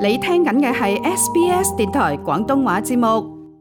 你聽緊嘅係 SBS 電台廣東話節目。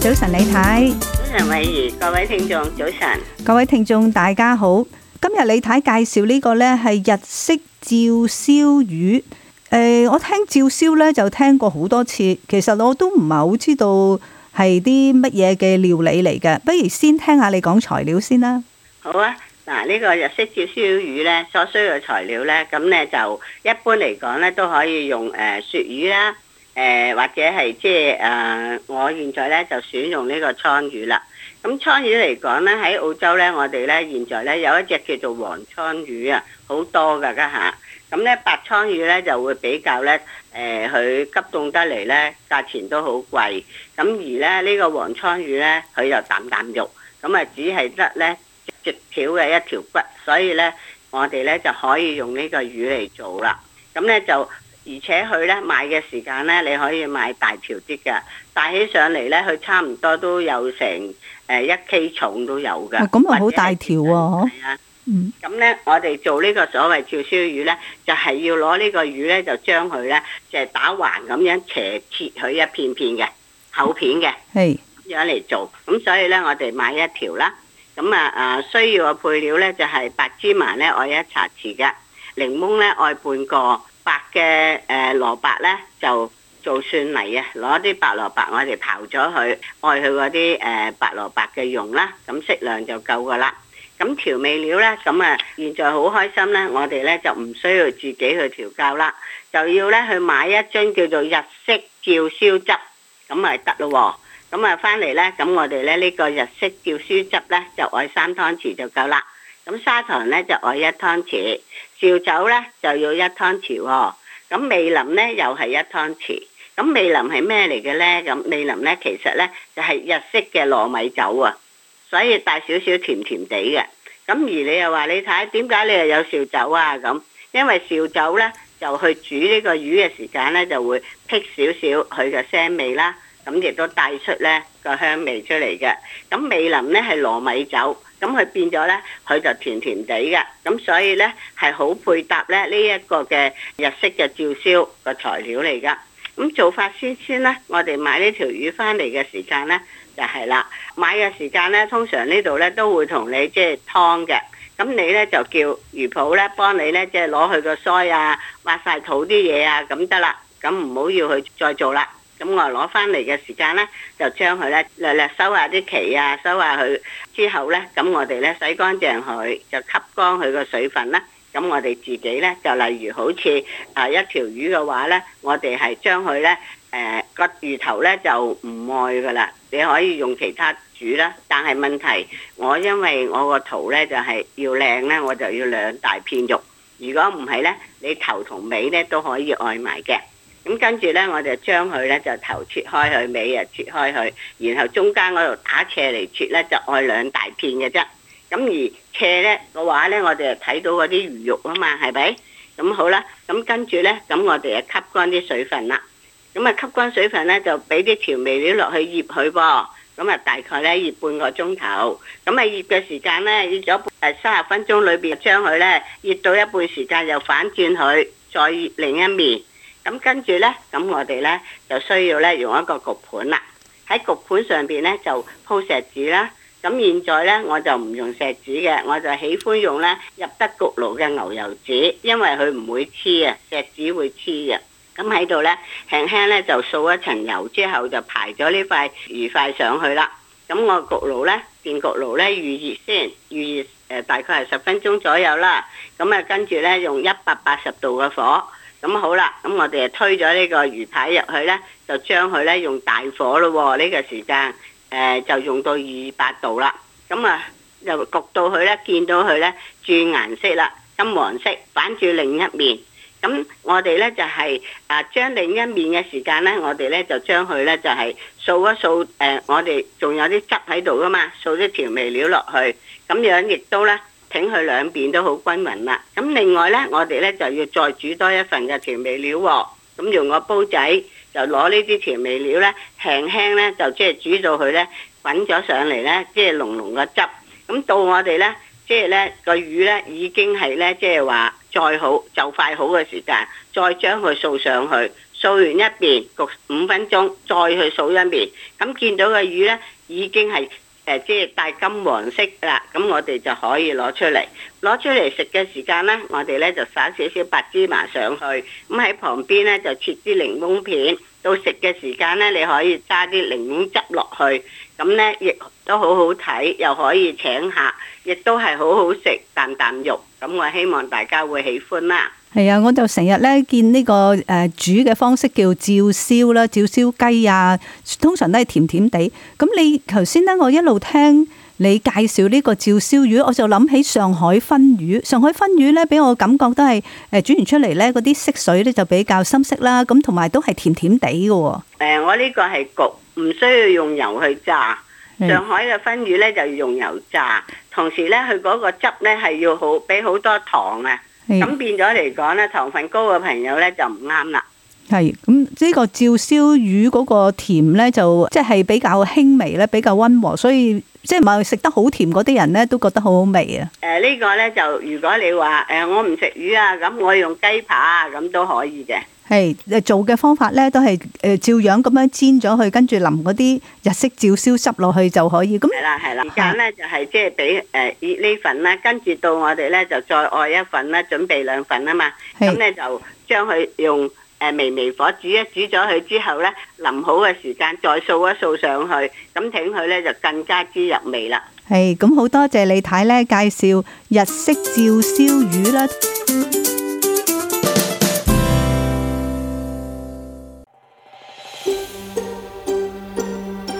早晨，李太。早晨，偉儀，各位聽眾，早晨。各位聽眾，大家好。今日李太介紹呢個呢係日式照燒魚。誒、欸，我聽照燒呢就聽過好多次，其實我都唔係好知道。係啲乜嘢嘅料理嚟嘅？不如先聽下你講材料先啦。好啊，嗱，呢個日式照燒魚咧，所需嘅材料呢，咁呢就一般嚟講呢都可以用誒鱈魚啦，誒、呃、或者係即係誒，我現在呢就選用呢個鯧魚啦。咁、嗯、鯧魚嚟講呢，喺澳洲呢，我哋呢現在呢有一隻叫做黃鯧魚啊，好多噶家下。咁咧、嗯、白鯖魚咧就會比較咧，誒、呃、佢急凍得嚟咧價錢都好貴。咁而咧呢、這個黃鯧魚咧，佢就啖啖肉，咁、嗯、啊只係得咧直條嘅一條骨，所以咧我哋咧就可以用呢個魚嚟做啦。咁、嗯、咧就而且佢咧買嘅時間咧，你可以買大條啲㗎，帶起上嚟咧佢差唔多都有成誒一、呃、K 重都有㗎。咁啊好大條喎、啊！咁咧、嗯，我哋做呢個所謂照燒魚咧，就係、是、要攞呢個魚咧，就將佢咧，就係、是、打橫咁樣斜切佢一片片嘅厚片嘅，係，咁樣嚟做。咁所以咧，我哋買一條啦。咁啊啊，需要嘅配料咧，就係、是、白芝麻咧，愛一茶匙嘅；檸檬咧，愛半個；白嘅誒蘿蔔咧，就做蒜泥啊，攞啲白蘿蔔我哋刨咗佢，愛佢嗰啲誒白蘿蔔嘅蓉啦，咁適量就夠噶啦。咁調味料呢，咁啊，現在好開心呢。我哋呢就唔需要自己去調教啦，就要呢去買一樽叫做日式照燒汁，咁咪得咯喎。咁啊，翻嚟呢，咁我哋呢呢個日式照燒汁呢，就愛三湯匙就夠啦。咁砂糖呢，就愛一湯匙，照酒呢，就要一湯匙喎。咁味淋呢，又係一湯匙。咁味淋係咩嚟嘅呢？咁味淋呢，其實呢，就係日式嘅糯米酒啊。所以帶少少甜甜地嘅，咁而你又話你睇點解你又有紹酒啊咁？因為紹酒呢，就去煮呢個魚嘅時間呢，就會辟少少佢嘅腥味啦，咁亦都帶出呢個香味出嚟嘅。咁味淋呢，係糯米酒，咁佢變咗呢，佢就甜甜地嘅，咁所以呢，係好配搭呢呢一個嘅日式嘅照燒個材料嚟噶。咁做法先先啦，我哋買呢條魚翻嚟嘅時間咧就係啦，買嘅時間咧通常呢度咧都會同你即係劏嘅，咁你咧就叫魚鋪咧幫你咧即係攞佢個腮啊、挖晒肚啲嘢啊，咁得啦，咁唔好要去再做啦。咁我攞翻嚟嘅時間咧就將佢咧略略收下啲鰭啊，收下佢，之後咧咁我哋咧洗乾淨佢，就吸乾佢個水分啦。咁我哋自己呢，就例如好似啊一條魚嘅話呢，我哋係將佢呢誒個魚頭呢就唔愛嘅啦，你可以用其他煮啦。但係問題，我因為我個圖呢就係要靚呢，我就要兩大片肉。如果唔係呢，你頭同尾呢都可以愛埋嘅。咁跟住呢，我就將佢呢就頭切開佢，尾啊切開佢，然後中間嗰度打斜嚟切呢，就愛兩大片嘅啫。咁而斜咧嘅話咧，我哋就睇到嗰啲魚肉啊嘛，係咪？咁好啦，咁跟住咧，咁我哋就吸乾啲水分啦。咁啊，吸乾水分咧，就俾啲調味料落去醃佢噃。咁啊，大概咧醃半個鐘頭。咁啊，醃嘅時間咧，醃咗誒三十分鐘裏邊，將佢咧醃到一半時間，又反轉佢，再醃另一面。咁跟住咧，咁我哋咧就需要咧用一個焗盤啦。喺焗盤上邊咧就鋪錫紙啦。咁現在呢，我就唔用錫紙嘅，我就喜歡用呢入得焗爐嘅牛油紙，因為佢唔會黐啊，錫紙會黐嘅。咁喺度呢，輕輕呢就掃一層油之後，就排咗呢塊魚塊上去啦。咁我焗爐呢，電焗爐呢預熱先，預熱誒大概係十分鐘左右啦。咁啊，跟住呢，用一百八十度嘅火，咁好啦。咁我哋啊推咗呢個魚排入去呢，就將佢呢用大火咯喎、哦，呢個時間。誒、呃、就用到二百度啦，咁啊又焗到佢咧，見到佢咧轉顏色啦，金黃色，反轉另一面。咁我哋咧就係、是、啊將另一面嘅時間咧，我哋咧就將佢咧就係、是、掃一掃誒、呃，我哋仲有啲汁喺度㗎嘛，掃啲調味料落去，咁樣亦都咧挺佢兩邊都好均勻啦。咁另外咧，我哋咧就要再煮多一份嘅調味料喎，咁用個煲仔。就攞呢啲調味料咧，輕輕咧就即係煮到佢咧滾咗上嚟咧，即係濃濃嘅汁。咁到我哋咧，即係咧個魚咧已經係咧，即係話再好就快好嘅時間，再將佢掃上去，掃完一邊焗五分鐘，再去掃一遍。咁見到個魚咧已經係。誒，即係帶金黃色啦，咁我哋就可以攞出嚟，攞出嚟食嘅時間呢，我哋呢就撒少少白芝麻上去，咁喺旁邊呢，就切啲檸檬片，到食嘅時間呢，你可以揸啲檸檬汁落去，咁呢，亦都好好睇，又可以請客，亦都係好好食啖啖肉，咁我希望大家會喜歡啦。係啊，我就成日咧見呢個誒煮嘅方式叫照燒啦，照燒雞啊，通常都係甜甜地。咁你頭先咧，我一路聽你介紹呢個照燒魚，我就諗起上海燻魚。上海燻魚咧，俾我感覺都係誒煮完出嚟咧，嗰啲色水咧就比較深色啦。咁同埋都係甜甜地嘅。誒，我呢個係焗，唔需要用油去炸。上海嘅燻魚咧就要用油炸，同時咧佢嗰個汁咧係要好俾好多糖啊。咁是變咗嚟講咧，糖分高嘅朋友咧就唔啱啦。係咁，呢個照燒魚嗰個甜咧就即係比較輕微咧，比較温和，所以即係唔係食得好甜嗰啲人咧都覺得好好味啊。誒、呃呢個、呢個咧就如果你話誒、呃、我唔食魚啊，咁我用雞扒咁、啊、都可以嘅。係誒做嘅方法咧，都係誒照樣咁樣煎咗佢，跟住淋嗰啲日式照燒汁落去就可以。咁係啦，係啦，時間咧就係即係俾誒呢呢份啦，跟住到我哋咧就再愛一份啦，準備兩份啊嘛。咁咧就將佢用誒微微火煮一煮咗佢之後咧，淋好嘅時間再掃一掃上去，咁整佢咧就更加之入味啦。係咁，好多謝李太咧介紹日式照燒魚啦。